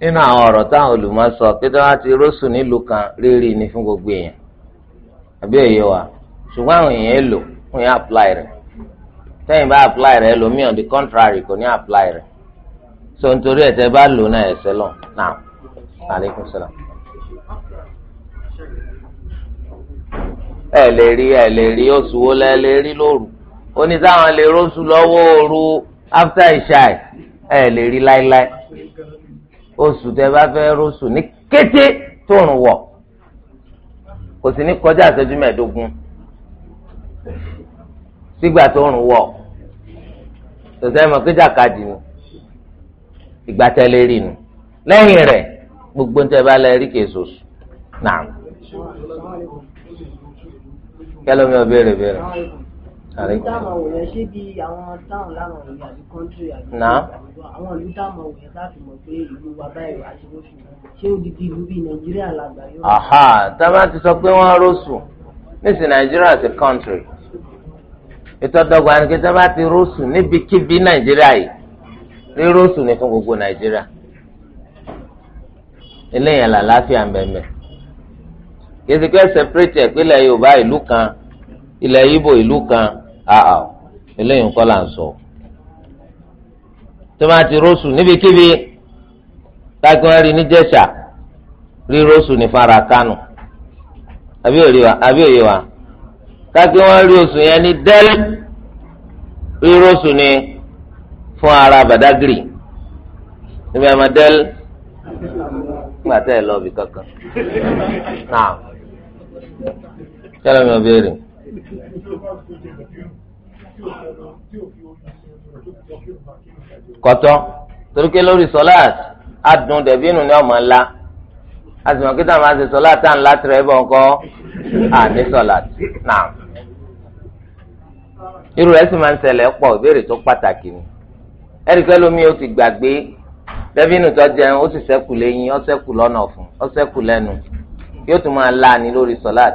nínú àwọn ọ̀rọ̀ táwọn olùmọ̀ sọ pé tí wọ́n ti rọ́ṣù nílùú kan rírì ni fún gbogbo èèyàn àbí òye wa ṣùgbọ́n àwọn èèyàn èlò fún yẹn apply rẹ̀ tẹ́yìn bá apply rẹ̀ ẹlòmíì on the contrary kò ní apply rẹ̀ so nítorí ẹ̀ tẹ́ bá lò náà ẹ̀sẹ̀ lọ náà aleykum salaam. ẹ lè rí ẹ lè rí oṣù wo lẹ lè rí lóru ó ní táwọn lè rọ́ṣù lọ́wọ́ òru after ẹ lè rí láíláí. oṣù tẹ bá fẹ́ rọṣù ní kété tóòrùn wọ̀ kò sì ní kọjá àṣẹjú mẹ́ẹ̀ẹ́dógún sígbà tóòrùn wọ̀ tòṣẹ́ mọ̀ pé jàkadì ni ìgbà tẹ́lẹ̀ rí nu lẹ́yìn rẹ̀ gbogbo ń tẹ́ bá lẹ́ rí kèso sùn náà kẹlẹ́ mi ò béèrè béèrè táwọn òwò yẹn ṣé bí àwọn táwọn láwọn òwò yẹn àbí kọ́ńtì àbí àwọn ìlú táwọn òwò yẹn láti mọ̀ pé ìlú wa báyìí wà ṣe lóṣù ṣé odidi ìlú bíi nàìjíríà làgbà yóò. aha tábà ti sọ pé wọ́n rọ́ọ̀sù nísìnyí nàìjíríà ti kọ́ńtì ìtọ́dọ̀gba ni kí tábà ti rọ́ọ̀sù níbikíbi nàìjíríà yìí rírọ́ọ̀sù ni fún gbogbo nàìjíríà eléyàn làlàáfíà mbẹ̀mbẹ̀ kí ilẹ̀ yorùbá ìlú kan Aa, ah, ah. eléyìí nǹkan là ń sọ tó máa ti rósù níbikíbi tágbọn rí níjẹ̀ṣà rí rósù ní fara kánò àbí òye wa tágbọn rí oṣù yẹn ní dẹ́lẹ́ rí rósù ní fún ara bàdágìrì níbi àmà dẹ́lẹ́ gbàtẹ́ ẹ̀ kankan náà kẹ́lẹ́ mi ò béèrè kọtọ torí pé lórí sọláàt adùn dẹbínú ni ọmọ ńlá azùmọ̀ kí táwọn máa ṣe sọláàt tá ńlá tẹ̀rẹ̀ bọ̀ ńkọ́ àní sọláàt náà irú rẹ̀ sì máa ń ṣẹlẹ̀ pọ̀ ìbéèrè tó pàtàkì ni ẹ̀ríkẹ́ lómi ó ti gbàgbé dẹbínú tó jẹun ó sì ṣẹ́kù lẹ́yìn ó ṣẹ́kù lọ́nà ọ̀fun ó ṣẹ́kù lẹ́nu yóò tún máa lá ni lórí sọláàt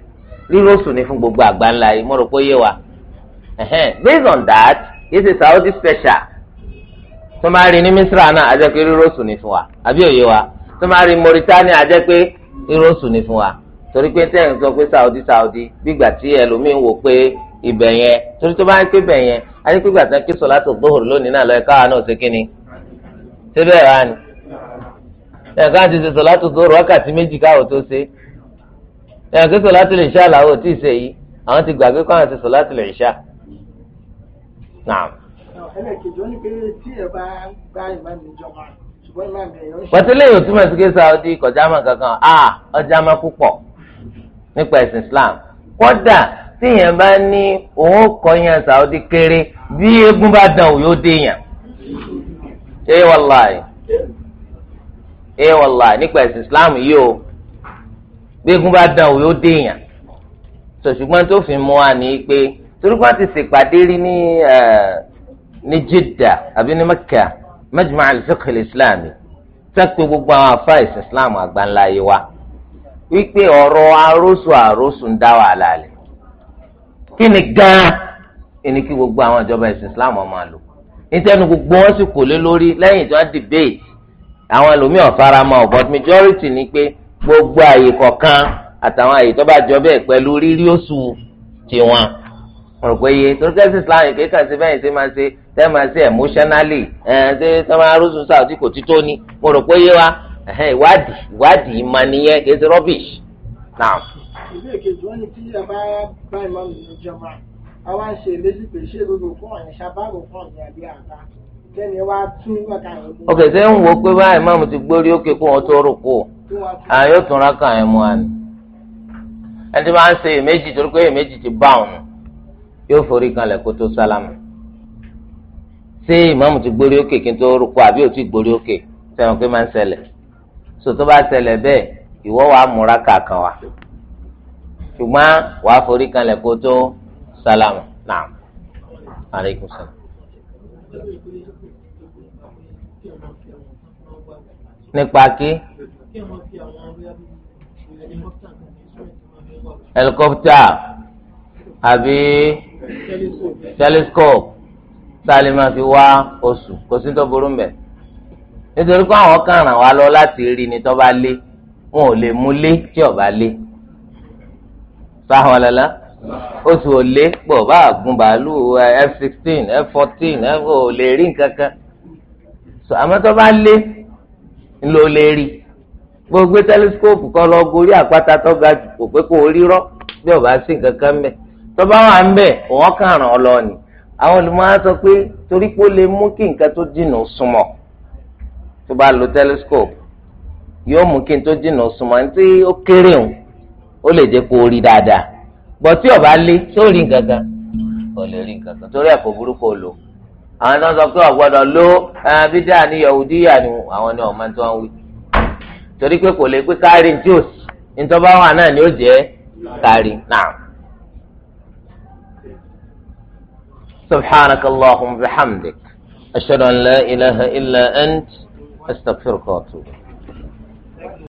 rírọ́ọ̀sù ni fún gbogbo àgbáńlá yìí mo rò pé yé wa based on that yìí Saudi special tó máa rí ní Misra náà pé ni fún wa àbí òye wa tó máa rí Mauritania àjẹ́ ni fún wa torí pé tẹ́yìn sọ pé Saudi Saudi gbígbà tí ẹlòmíín wò pé ibẹ̀ yẹn torí tó bá ń pè bẹ̀ yẹn a ní pígbà tí ẹ̀yàn kí sọ̀láàtì lè ṣá làwọn ò tí ì ṣe yìí àwọn ti gbàgbé kó àwọn ti sọ̀láàtì lè ṣá. pọ̀tílẹ̀ yóò túmọ̀ sí kéésà ọdí kọjá mọ̀ kankan a ah, ọjà máa púpọ̀ nípa ẹ̀sìn Islam kódà tíyẹn bá ní òun kọyàn Saudi kéré bí eégún bá dàn ò yóò déyàn ẹ wàláì ẹ wàláì nípa ẹ̀sìn Islam yìí o gbégun bá dán o yóò déèyàn sọ ṣùgbọ́n tó fi mú wa ní pé torípé wọ́n ti ṣèpàdé rí ní ní Jeddah àbí ní Mẹ́kà Majma' al-Fiqh al-Islami sẹ́pẹ́ gbogbo àwọn afá ìsìn Islam àgbáńlá yìí wá wípé ọ̀rọ̀ arósù arósù ń dá wàhálà lẹ̀ kí ni gan-an ẹni kí gbogbo àwọn ìjọba ìsìn Islam ọmọ àlò nítẹnu gbogbo wọn sì kò lé lórí lẹ́yìn tí wọ́n debate àwọn ẹlòmíràn faramọ́ but majority ni pé gbogbo àyè kọ̀ọ̀kan àtàwọn àyè tó bá jọ bẹ́ẹ̀ pẹ̀lú rírí oṣù tiwọn rò pé iye torí kẹ́sì islam kì í kà sí bẹ́ẹ̀ ṣe máa ṣe tẹ́ máa ṣe emotionally ẹ̀ ṣe tẹ́ máa rúṣun sáàtì kò tí tó ni mo rò pé iye wa ìwádìí ìwádìí ìmọ̀ nìyẹn kì í ṣe rubbish. ìlú èkejì wọn ni tí a bá bá ìmọ̀mù ní ìjọba a wá ń ṣe ìlésì pé ṣé gbogbo fún ọ̀yàn ṣàbáàgò fún ọ̀yàn àbí àbá kẹ́ni wá tún wákàtí. ok ṣé ń wo pé báyìí mọ̀mù ti gbórí òkè kó wọn tó rò kó o àwọn yóò tún rákà yẹn mú àná ẹni tí máa ń ṣe èméjì torí pé èméjì ti bá òun yóò forí kanlẹ̀ kó tó sálámù ṣé ìmáàmù ti gborí òkè kí n tó rúkọ àbí ò ti gborí òkè sẹ́wọ̀n pé máa ń ṣẹlẹ̀ sọ tó bá ṣẹlẹ̀ bẹ́ẹ̀ ìwọ wàá mú rákà kan wá ṣùgbọ́n wàá forí kanlẹ̀ kó tó sálámù náà aleykum salaam. nípa kí helicopter àbí telescope tá a lè máa fi wá oṣù kò sí tó burú mbẹ nítorí pé àwọn kan ràn wá lọ láti rí ni tó bá lé wọn ò lè mú lé tí ò bá lé sáwọn lọlá oṣù ò lé pọ̀ bá gun bàálù f sixteen f fourteen f ò lè rí nǹkan kan àmọ́ tó bá lé ńlọ lè rí. gbogbo tẹlifíkópù kọ lọ gorí àpáta tó ga jù kò pé kò rírọ bí ọba sí nǹkan kan mẹ tó bá wà ń bẹ òun kàn ọ lọ ni àwọn olùmọ̀ọ́ sọ pé torí pé ó lè mú kí nǹkan tó jìnnà súnmọ́ tó bá lo tẹlifíkópù yóò mú kí n tó súnmọ́ ó kéré òun ó lè ọba lé rí nǹkan kan lè rí nǹkan kan torí ẹ̀ kò burúkú torí pé kò lè pé kárí tí ò sí nítorí wà náà ni ó jẹ́ kárí náà. سبحانك اللهم وبحمدك أشهد أن لا إله إلا أنت استغفرك وأتوب إليك